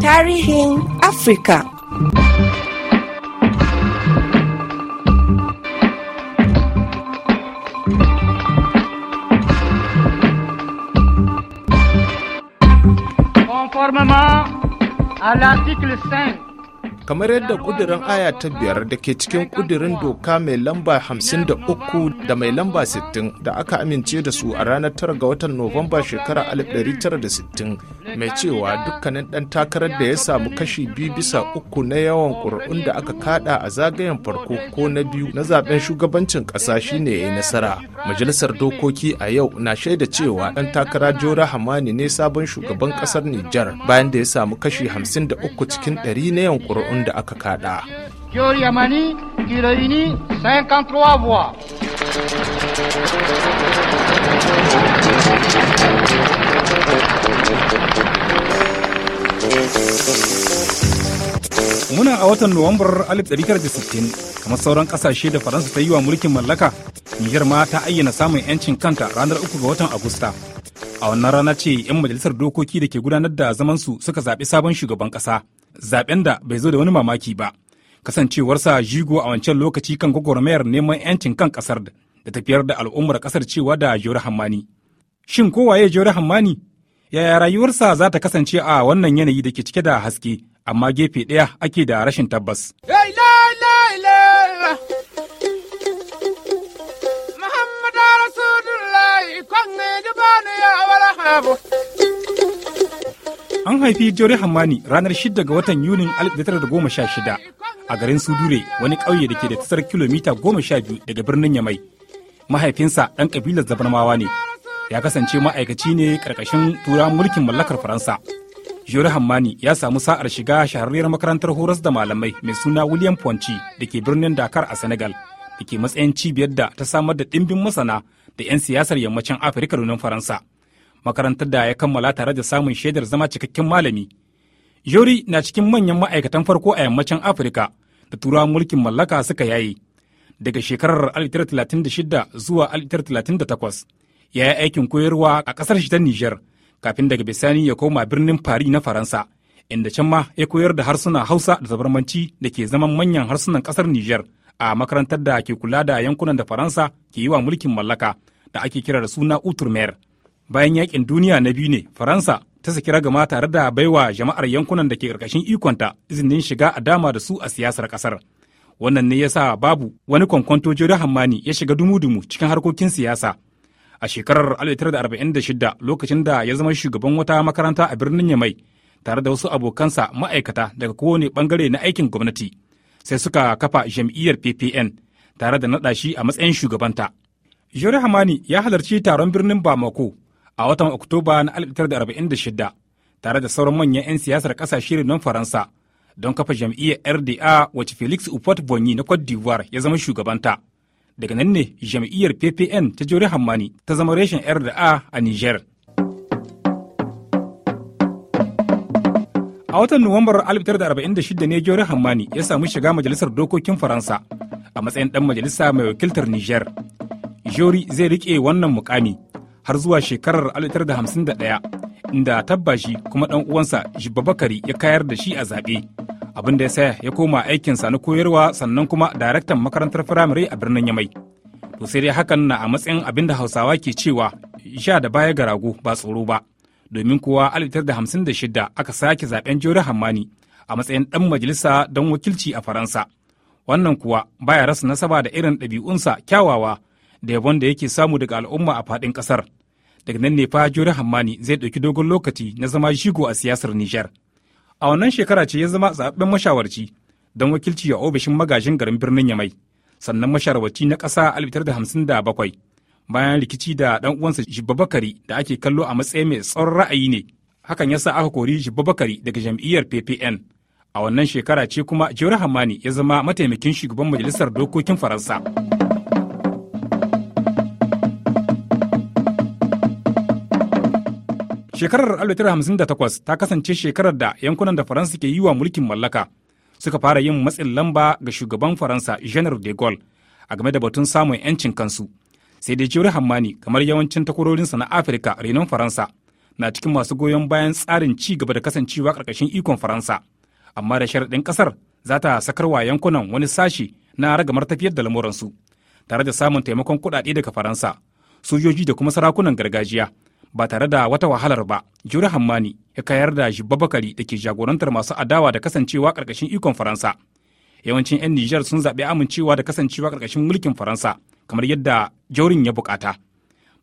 Tarihin Africa, Conformément à l'article 5 kamar yadda kudirin aya ta biyar da ke cikin kudirin doka mai lamba 53 da mai lamba 60 da aka amince da su a ranar 9 ga watan Nuwamba shekarar 1960 mai cewa dukkanin ɗan takarar da ya samu kashi biyu bisa uku na yawan ƙuri'un da aka kada a zagayen farko ko na biyu na zaben shugabancin ƙasa shine ya yi nasara. Majalisar dokoki a yau na shaida cewa ɗan takara Jora Hamani ne sabon shugaban ƙasar Nijar bayan da ya samu kashi 53 cikin 100 na yawan ƙuri'un ƙuri'un da aka kada. Muna a watan Nuwambar 1960 kamar sauran kasashe da Faransa ta yi wa mulkin mallaka, Nijar ma ta ayyana samun 'yancin kanta ranar 3 ga watan Agusta. a wannan rana ce 'yan majalisar dokoki da ke gudanar da zamansu suka zaɓi sabon shugaban ƙasa zaɓen da bai zo da wani mamaki ba kasancewarsa jigo a wancan lokaci kan gwagwarmayar neman 'yancin kan ƙasar da tafiyar da al'ummar ƙasar cewa da jori hammani shin kowaye jori hammani yaya rayuwarsa za ta kasance a wannan yanayi da ke cike da haske amma gefe ɗaya ake da rashin tabbas. Hey, no! bravo an haifi jore hammani ranar 6 ga watan yunin 1916 a garin sudure wani ƙauye da ke da tasar kilomita 12 daga birnin yamai mahaifinsa ɗan ƙabilar zabarmawa ne ya kasance ma'aikaci ne ƙarƙashin tura mulkin mallakar faransa jore hammani ya samu sa'ar shiga shahararriyar makarantar horas da malamai mai suna william ponci da ke birnin dakar a senegal da ke matsayin cibiyar da ta samar da ɗimbin masana da 'yan siyasar yammacin afirka domin faransa makarantar da ya kammala tare da samun shaidar zama cikakken malami. Yori na cikin manyan ma'aikatan farko a yammacin Afirka da turawan mulkin mallaka suka yaye. Daga shekarar 1936 zuwa 1938 ya yi aikin koyarwa a ƙasar shi ta Nijar kafin daga bisani ya koma birnin Paris na Faransa. inda can ma ya koyar da harsunan Hausa da zabarmanci da ke zaman manyan harsunan ƙasar Nijar a makarantar da ke kula da yankunan da Faransa ke yi wa mulkin mallaka da ake kira da suna outre bayan yakin duniya na biyu ne faransa ta saki ragama tare da baiwa jama'ar yankunan da ke ƙarƙashin ikonta izinin shiga a dama da su a siyasar ƙasar wannan ne ya sa babu wani kwankwanto jori hammani ya shiga dumu-dumu cikin harkokin siyasa a shekarar 1946 lokacin da ya zama shugaban wata makaranta a birnin yamai tare da wasu abokansa ma'aikata daga kowane bangare na aikin gwamnati sai suka kafa jam'iyyar ppn tare da naɗa shi a matsayin shugabanta jori hamani ya halarci taron birnin bamako a watan Oktoba na 1946 tare da sauran manyan 'yan siyasar ƙasashe renon Faransa don kafa jam'iyyar RDA wacce Felix Upot Bonyi na Cote d'Ivoire ya zama shugabanta. Daga nan ne jam'iyyar PPN ta Jori Hammani ta zama reshen RDA a Niger. A watan Nuwambar 1946 ne Jori Hammani ya samu shiga majalisar dokokin Faransa a matsayin ɗan majalisa mai wakiltar Niger. Jori zai riƙe wannan mukami har zuwa shekarar 1951 inda tabbashi kuma ɗan uwansa Jibba Bakari ya kayar da shi a zaɓe. Abin da ya saya ya koma aikinsa na koyarwa sannan kuma daraktan makarantar firamare a birnin Yamai. To sai dai hakan na a matsayin abin da Hausawa ke cewa sha da baya ga rago ba tsoro ba. Domin kuwa 1956 aka sake zaɓen Jori Hammani a matsayin ɗan majalisa don wakilci a Faransa. Wannan kuwa baya rasa nasaba da irin ɗabi'unsa kyawawa da yabon da yake samu daga al'umma a faɗin ƙasar. Daga nan ne fa Jori Hammani zai ɗauki dogon lokaci na zama shigo a siyasar Nijar. A wannan shekara ce ya zama zaɓen mashawarci don wakilci a ofishin magajin garin birnin Yamai, sannan mashawarci na ƙasa bakwai bayan rikici da ɗan uwansa Jibba Bakari da ake kallo a matsayin mai tsawon ra'ayi ne. Hakan ya sa aka kori Jibba Bakari daga jam'iyyar PPN. A wannan shekara ce kuma Jori Hammani ya zama mataimakin shugaban majalisar dokokin Faransa. Shekarar 1958 ta kasance shekarar da yankunan da Faransa ke yi wa mulkin mallaka suka fara yin matsin lamba ga shugaban Faransa General de Gaulle a game da batun samun 'yancin kansu. Sai dai Jure Hammani kamar yawancin takwarorinsa na Afirka renon Faransa na cikin masu goyon bayan tsarin ci gaba da kasancewa karkashin ikon Faransa. Amma da sharaɗin ƙasar za ta sakarwa yankunan wani sashi na ragamar tafiyar da lamuransu tare da samun taimakon kuɗaɗe daga Faransa, sojoji da kuma sarakunan gargajiya. ba tare da wata wahalar ba jure hammani ya kayar da jibba bakari da ke jagorantar masu adawa da kasancewa karkashin ikon faransa yawancin 'yan nijar sun zaɓi amincewa da kasancewa karkashin mulkin faransa kamar yadda jaurin ya bukata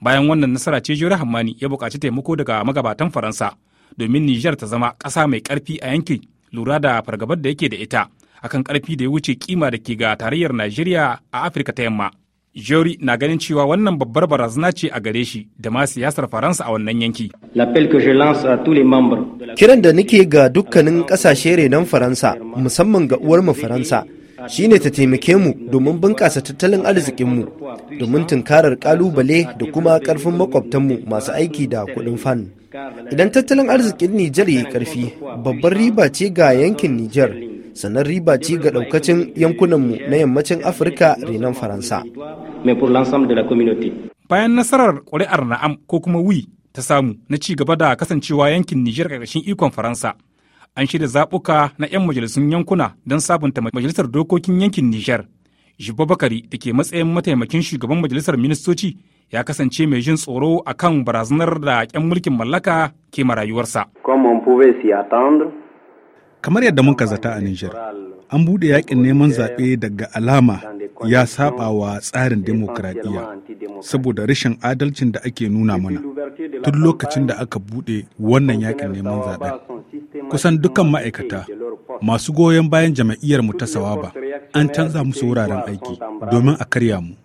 bayan wannan nasara ce jure hammani ya bukaci taimako daga magabatan faransa domin nijar ta zama ƙasa mai ƙarfi a yankin lura da fargabar da yake da ita akan ƙarfi da ya wuce kima da ke ga tarayyar najeriya a afirka ta yamma Jori na ganin cewa wannan babbar barazana ce a gare shi da ma siyasar Faransa a wannan yanki. Kiran da nake ga dukkanin ƙasashe renon Faransa, musamman ga uwarmu Faransa, shi ne ta taimake mu domin bunƙasa tattalin arzikinmu domin tunkarar kalubale da kuma ƙarfin makwabtanmu masu aiki da kuɗin fan idan tattalin arzikin nijar ya yi ƙarfi babbar riba ce ga yankin nijar sannan riba ce ga daukacin yankunanmu na yammacin afirka renon faransa bayan nasarar ƙuri'ar na'am ko kuma wi ta samu na ci gaba da kasancewa yankin nijar ƙarƙashin ikon faransa an shirya zaɓuka na 'yan majalisun yankuna don sabunta majalisar dokokin yankin nijar jibba bakari da ke matsayin mataimakin shugaban majalisar ministoci ya kasance mai jin tsoro akan barazanar da 'yan mulkin mallaka ke marayuwarsa. kamar yadda muka zata a Nijar. An buɗe yakin neman zaɓe daga alama ya saba wa tsarin demokradiyya saboda rashin adalcin da ake nuna mana tun lokacin da aka buɗe wannan yakin neman zaɓen. Kusan dukkan ma'aikata masu goyon bayan jama'iyyar mu ta sawaba an canza musu wuraren aiki domin a karya mu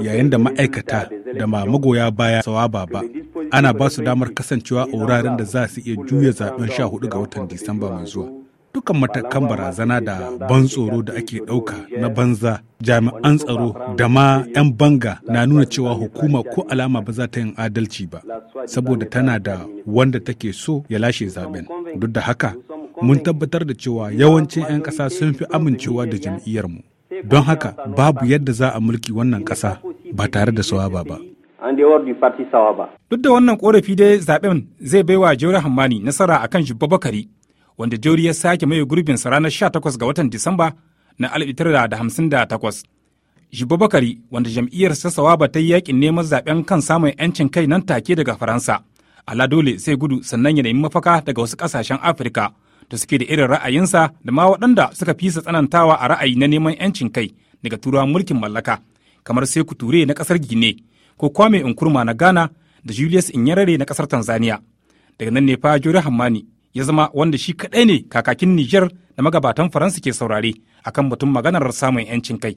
yayin da ma'aikata da ma magoya baya sawaba ba ana ba su damar kasancewa a wuraren da za su iya juya zaɓen sha hudu ga watan Disamba mai zuwa. dukkan matakan barazana da ban tsoro da ake ɗauka na banza jami'an tsaro da ma 'yan banga na nuna cewa hukuma ko alama ba za ta yin adalci ba saboda tana da wanda take so ya lashe zaben duk da haka mun tabbatar da cewa yawancin 'yan ƙasa sun fi amincewa da jam'iyyarmu don haka babu yadda za a mulki wannan ƙasa ba tare da sawaba ba duk da wannan korafi dai zaben zai baiwa jauri hammani nasara akan shi babakari wanda Jori ya sake mai gurbinsa ranar 18 ga watan Disamba na 1958. Jibo Bakari wanda jam'iyyar sassawa ba ta yi yakin neman zaben kan samun 'yancin kai nan take daga Faransa. Ala dole sai gudu sannan ya nemi mafaka daga wasu ƙasashen Afirka da suke da irin ra'ayinsa da ma waɗanda suka fisa tsanantawa a ra'ayi na neman 'yancin kai daga turawan mulkin mallaka kamar sai Ture na kasar Gine ko Kwame Nkrumah na Ghana da Julius Inyarare na ƙasar Tanzania. Daga nan ne fa Jori Hammani ya zama wanda shi kaɗai ne kakakin Nijar da magabatan Faransa ke saurare akan batun maganar samun 'yancin kai.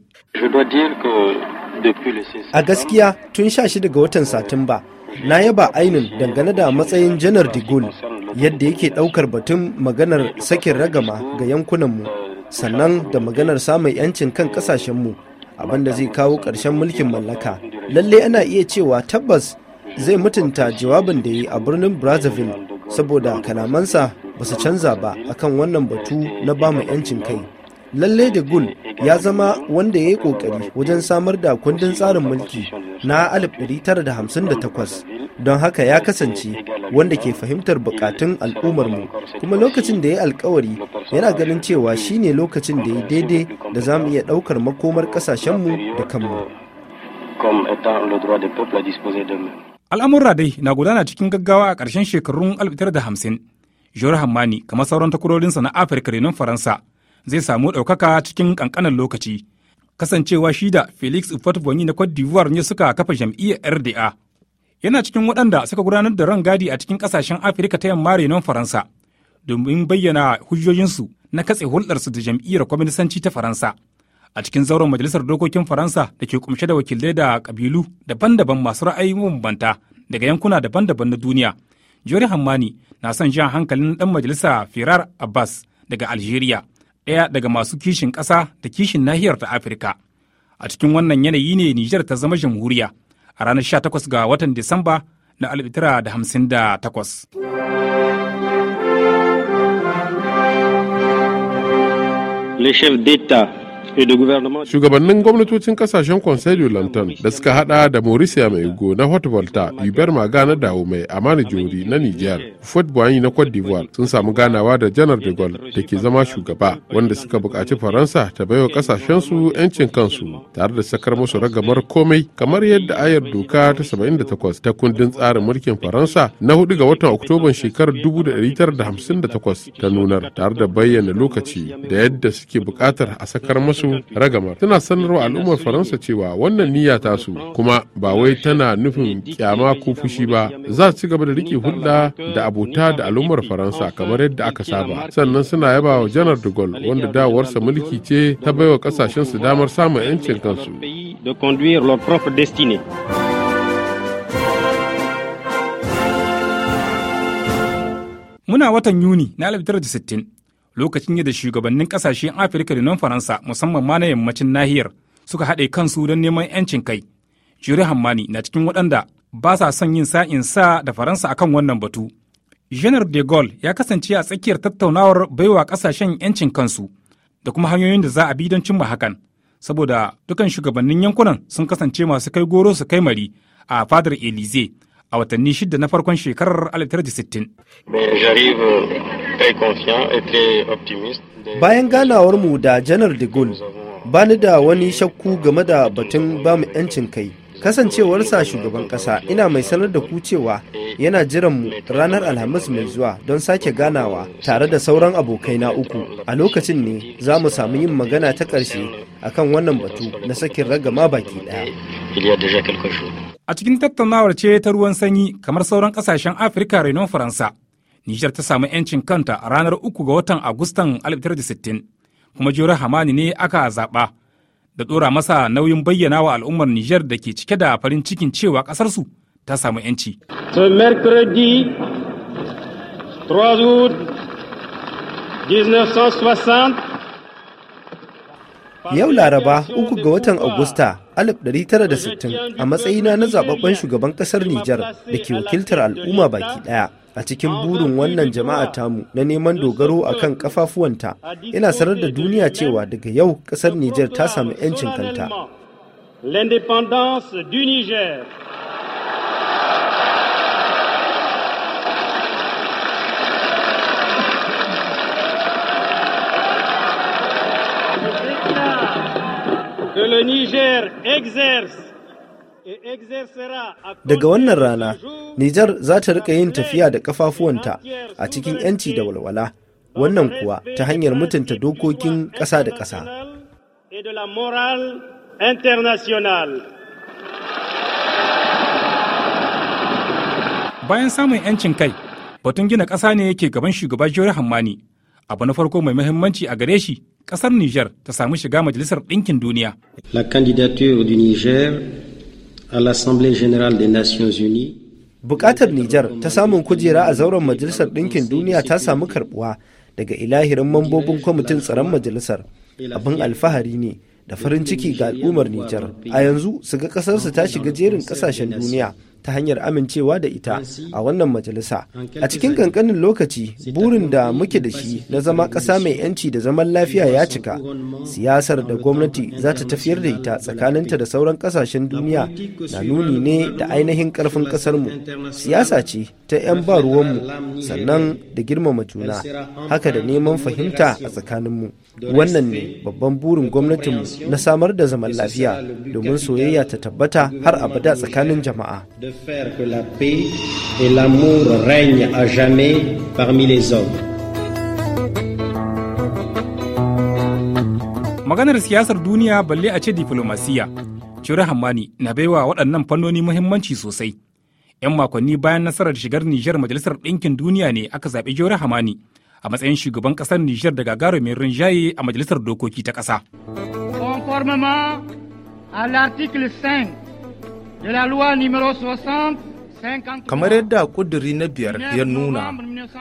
A gaskiya tun 16 ga watan Satumba na yaba ainin dangane da matsayin janar de Gaulle yadda yake ɗaukar batun maganar sakin ragama ga yankunanmu sannan da maganar samun 'yancin kan ƙasashenmu abinda zai kawo ƙarshen mulkin mallaka. lallai ana iya cewa tabbas zai mutunta jawabin da yi a birnin Brazzaville saboda kalamansa ba su canza ba akan wannan batu na bamu 'yancin kai lalle da gul ya zama wanda ya yi kokari wajen samar da kundin tsarin mulki na 1958 don haka ya kasance wanda ke fahimtar bukatun al'ummarmu kuma lokacin da ya yi alkawari yana ganin cewa shine lokacin da ya daidai da za mu iya daukar makomar kasashenmu da kanmu al'amurra dai na gudana cikin gaggawa a ƙarshen shekarun 1950 jori hammani kamar sauran takwarorinsa na afirka renon faransa zai samu ɗaukaka cikin ƙanƙanan lokaci kasancewa shi da felix ufatvonyi na cote d'ivoire ne suka kafa jam'iyyar rda yana cikin waɗanda suka gudanar da rangadi a cikin ƙasashen afirka ta yamma renon faransa domin bayyana hujjojinsu na katse hulɗarsu da jam'iyyar kwaminisanci ta faransa a cikin zauren majalisar dokokin faransa da ke kumshe da wakilai da kabilu daban-daban masu ra'ayi mabambanta daga yankuna daban-daban na duniya jori hammani na son jan hankalin dan majalisa firar abbas daga algeria ɗaya daga masu kishin ƙasa da kishin nahiyar ta afirka a cikin wannan yanayi ne nijar ta zama jamhuriya a ranar 18 ga watan disamba na 1958 Le chef d'État Shugabannin gwamnatocin kasashen Conseil Lantan da suka hada da mai ugo na Hot Volta, Hubert Maga na Mai, Amani Jori na Niger, Fort Boigny na Cote d'Ivoire sun samu ganawa da Janar de Gaulle da ke zama shugaba wanda suka bukaci Faransa ta baiwa kasashen su 'yancin kansu tare da sakar musu ragamar komai kamar yadda ayar doka ta 78 ta kundin tsarin mulkin Faransa na 4 ga watan Oktoban shekarar 1958 ta nunar tare da bayyana lokaci da yadda suke bukatar a sakar musu su ragamar tana sanarwa al'ummar faransa cewa wannan niyya su kuma ba wai tana nufin kyama ko fushi ba za su ci gaba da rike hulɗa da abota da al'ummar faransa kamar yadda aka saba sannan suna yaba wa janar de gaulle wanda dawarsa mulki ce ta wa kasashen su damar samun 'yancin kansu Muna watan Yuni na sittin. lokacin yadda shugabannin kasashen afirka da nan faransa musamman ma na yammacin nahiyar suka haɗe kansu don neman 'yancin kai jiri hammani na cikin waɗanda ba sa son yin sa'in sa da faransa akan wannan batu janar de gaulle ya kasance a tsakiyar tattaunawar baiwa kasashen 'yancin kansu da kuma hanyoyin da za a bi don cimma hakan saboda dukan shugabannin yankunan sun kasance masu kai goro su kai mari a fadar elize a watanni shida na farkon shekarar 1960. Euh, Bayan ganawarmu da janar de Gaulle, ba ni da wani shakku game da batun bamu 'yancin kai. kasancewarsa shugaban kasa ina mai sanar da ku cewa yana jiran mu ranar alhamis mai zuwa don sake ganawa tare da sauran abokai na uku a lokacin ne za mu samu yin magana ta ƙarshe akan wannan batu na sakin ragama baki ɗaya a cikin tattaunawar ce ta ruwan sanyi kamar sauran kasashen afirka renon faransa nijar ta samu 'yancin kanta a ranar uku ga watan agustan 1960 kuma jori hamani ne aka zaɓa da ɗora masa nauyin bayyana wa al'ummar Nijar da ke cike da farin cikin cewa ƙasarsu ta samu 'yanci. mercredi Yau Laraba uku ga watan Agusta 1960 a matsayina na zababben shugaban ƙasar Nijar da ke wakiltar al'umma baki ɗaya. a cikin burin wannan jama'a tamu na neman dogaro a kan kafafuwanta ina sanar da duniya cewa daga yau ƙasar Nijar ta samu 'yancin kanta. le Niger exerce Daga wannan rana, Nijar za ta rika yin tafiya da kafafuwanta a cikin 'yanci da walwala, wannan kuwa ta hanyar mutunta dokokin ƙasa da ƙasa. Bayan samun 'yancin kai, batun gina ƙasa ne yake gaban shugaba Jori Hammani. Abu na farko mai muhimmanci a gare shi, ƙasar Nijar ta samu shiga Majalisar Ɗinkin Duniya. La candidature du Niger à l'Assemblée générale des Nations Unies Bukatar Nijar ta samun kujera a zauren Majalisar Ɗinkin Duniya ta samu karbuwa daga ilahirin mambobin kwamitin tsaron majalisar. Abin alfahari ne da farin ciki ga al'ummar Nijar. A yanzu su ga kasarsa ta shiga jerin ƙasashen duniya ta hanyar amincewa da ita a wannan majalisa a cikin kankanin lokaci burin da muke da shi na zama ƙasa mai 'yanci da zaman lafiya ya cika siyasar da gwamnati za ta tafiyar da ita tsakaninta da sauran ƙasashen duniya na nuni ne da ainihin ƙarfin ƙasarmu siyasa ce ta 'yan ba ruwanmu sannan da girmama juna haka da neman fahimta a tsakaninmu wannan ne babban burin gwamnatinmu na samar da zaman lafiya domin soyayya ta tabbata har abada tsakanin jama'a maganar siyasar duniya balle a ce diflomasiya shirin hamani na baiwa waɗannan fannoni muhimmanci sosai 'yan makonni bayan nasarar shigar nijar majalisar ɗinkin duniya ne aka zaɓi jori hamani a matsayin shugaban ƙasar nijar da gagarumin rinjaye a majalisar dokoki ta ƙasa conformément à l'article 5 de la loi numéro 60 kamar yadda kuduri na biyar ya nuna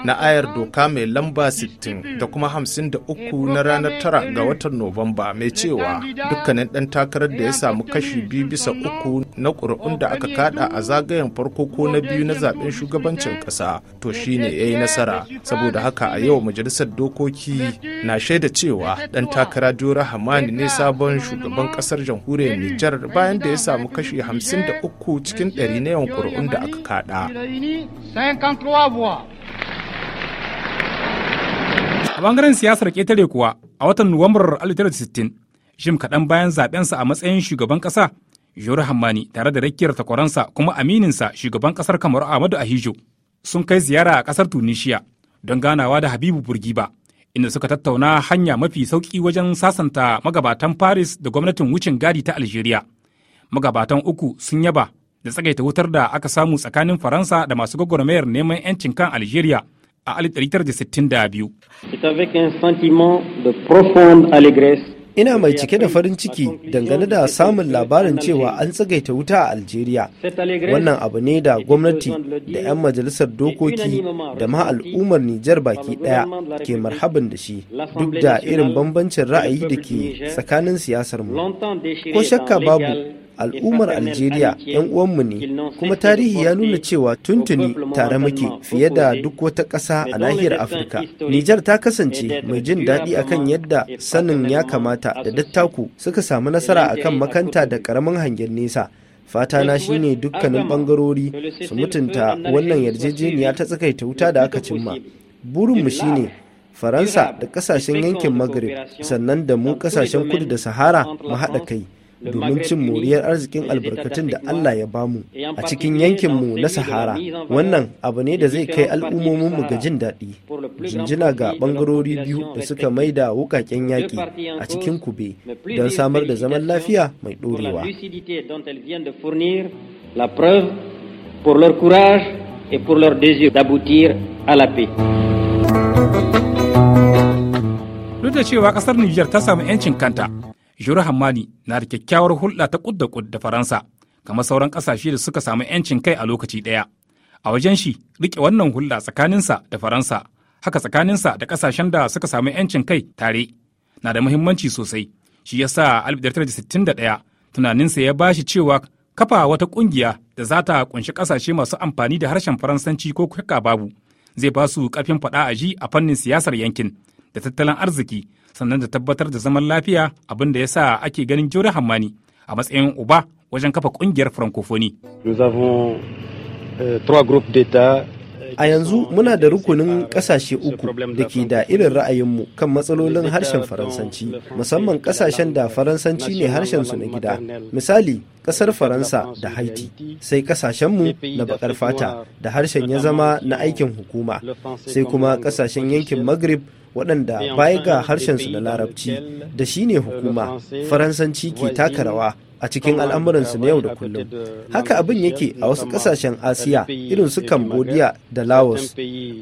na ayar doka mai lamba 60 da kuma 53 na ranar tara ga watan Nuwamba mai cewa dukkanin ɗan takarar da ya samu kashi biyu bisa uku na ƙuri'un da aka kada a zagayen farko ko na biyu na zaben shugabancin ƙasa to shine ya yi nasara saboda haka a yau majalisar dokoki na shaida cewa ɗan takara jura Hamani ne sabon shugaban ƙasar jamhuriyar Nijar bayan da ya samu kashi 53 cikin 100 na yawan ƙuri'un da aka kaɗa. A bangaren siyasar ƙetare kuwa a watan Nuwambar 1960, shim kaɗan bayan zaɓensa a matsayin shugaban ƙasa, Jori Hammani tare da rakiyar takwaransa kuma amininsa shugaban ƙasar kamar Ahmadu Ahijo sun kai ziyara a ƙasar Tunishiya don ganawa da Habibu Burgiba, inda suka tattauna hanya mafi sauƙi wajen sasanta magabatan Paris da gwamnatin wucin gadi ta Algeria. Magabatan uku sun yaba da tsagaita wutar da aka samu tsakanin faransa da masu gwagwarmayar neman 'yancin kan algeria a 1962 ina mai cike da farin ciki dangane da samun labarin cewa an tsagaita wuta a algeria wannan abu ne da gwamnati da 'yan majalisar dokoki da ma al'ummar nijar baki daya ke marhaban da shi duk da irin bambancin ra'ayi da ke tsakanin siyasar mu ko shakka babu al'ummar algeria 'yan uwanmu ne kuma tarihi ya nuna cewa tuntuni tare muke fiye da duk wata ƙasa a nahiyar afirka nijar ta kasance mai jin daɗi akan yadda sanin ya kamata da dattaku suka samu nasara akan makanta da ƙaramin hangen nesa fata na shine dukkanin bangarori su mutunta wannan yarjejeniya ta tsakaita wuta da aka cimma burinmu shine faransa da kasashen yankin maghrib sannan da mu kasashen kudu da sahara mu haɗa kai domin cin moriyar arzikin albarkatun da Allah ya bamu a cikin yankinmu na Sahara. Wannan abu ne da zai kai al'ummominmu ga jin daɗi. Jinjina ga ɓangarori biyu da suka maida wukaken yaƙi a cikin kube don samar da zaman lafiya mai ɗorewa. Duk da cewa ƙasar Nijar ta samu 'yancin kanta Jure Hammani na da kyakkyawar hulɗa ta kud da kud da Faransa, kamar sauran ƙasashe da suka samu 'yancin kai a lokaci ɗaya. A wajen shi, riƙe wannan hulɗa tsakaninsa da Faransa, haka tsakaninsa da ƙasashen da suka samu 'yancin kai tare, na da muhimmanci sosai. Shi ya sa 1961 tunaninsa ya ba shi cewa kafa wata ƙungiya da za ta ƙunshi ƙasashe masu amfani da harshen Faransanci ko kuka babu, zai ba su ƙarfin faɗa a ji a fannin siyasar yankin da tattalin arziki sannan da tabbatar da zaman lafiya abin da ya sa ake ganin jure hammani a matsayin uba wajen kafa kungiyar francophonie. Nous avons euh, trois groupes d'État A yanzu muna da rukunin kasashe uku da ke da irin ra'ayinmu kan matsalolin harshen Faransanci, musamman kasashen da Faransanci ne harshen su na gida. Misali, kasar Faransa da Haiti, sai ƙasashenmu na bakar fata da harshen ya zama na aikin hukuma, sai kuma kasashen yankin Maghrib waɗanda baya ga harshen su na larabci da shine hukuma faransanci ke taka rawa a cikin al'amuransu na yau da kullum haka abin yake a wasu kasashen asiya irin su cambodia da laos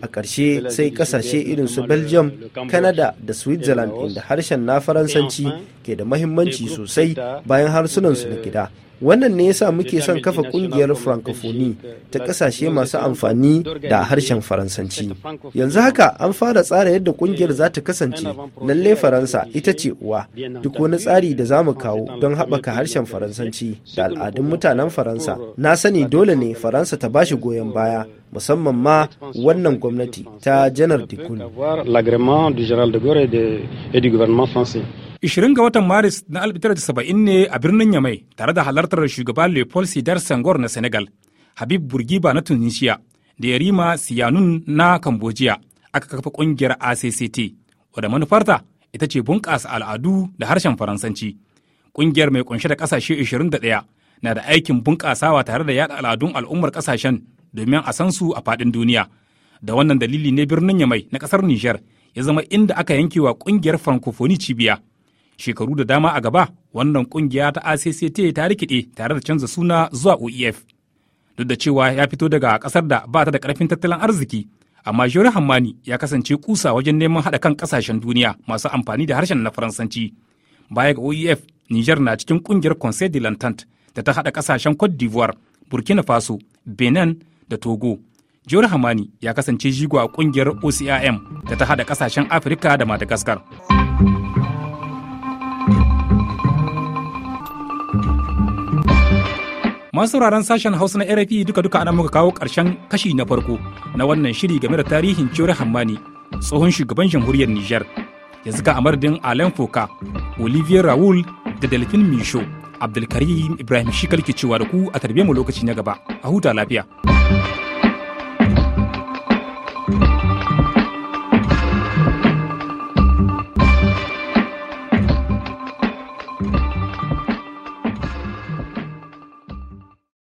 a ƙarshe sai kasashe irin su belgium canada da switzerland inda harshen na faransanci ke da mahimmanci sosai bayan harsunansu na gida wannan ne yasa muke son kafa kungiyar francophonie ta kasashe masu amfani da harshen faransanci yanzu haka an fara tsara yadda kungiyar za ta kasance lalle faransa ita ce uwa duk wani tsari da za mu kawo don haɓaka harshen faransanci da al'adun mutanen faransa na sani dole ne faransa ta bashi goyon baya musamman ma wannan gwamnati ta janar de Gaulle. 20 ga watan Maris na 1970 ne a birnin Yamai tare da halartar shugaban Leopold Sidar sangor na Senegal, Habib Burgiba na Tunisia da Yarima Siyanun na Cambodia aka kafa ƙungiyar ACCT, wadda manufarta ita ce bunƙasa al'adu da harshen Faransanci. Ƙungiyar mai ƙunshe da ƙasashe 21 na da aikin bunƙasawa tare da yada al'adun al'ummar ƙasashen domin a san su a faɗin duniya. Da wannan dalili ne birnin Yamai na ƙasar niger ya zama inda aka yankewa ƙungiyar Francophonie cibiya. shekaru da dama a gaba wannan kungiya ta acct ta rikide tare da canza suna zuwa oef duk da cewa ya fito daga kasar da ba ta da karfin tattalin arziki amma jori hammani ya kasance kusa wajen neman hada kan kasashen duniya masu amfani da harshen na faransanci baya ga oef niger na cikin kungiyar conseil de l'entente da ta hada kasashen cote d'ivoire burkina faso benin da togo jori hammani ya kasance jigo a kungiyar ocim da ta hada kasashen afirka da madagascar Masu sauraron sashen Hausa na RFI duka-duka ana muka kawo karshen kashi na farko na wannan shiri game da tarihin Ciyori Hammani, tsohon shugaban jamhuriyar Nijar. Yanzu ka amardin Alain Foka, Olivier Raoul da Delphine misho Abdulkarim Ibrahim Shikal ke cewa da ku a tarbe mu lokaci na gaba. A huta lafiya.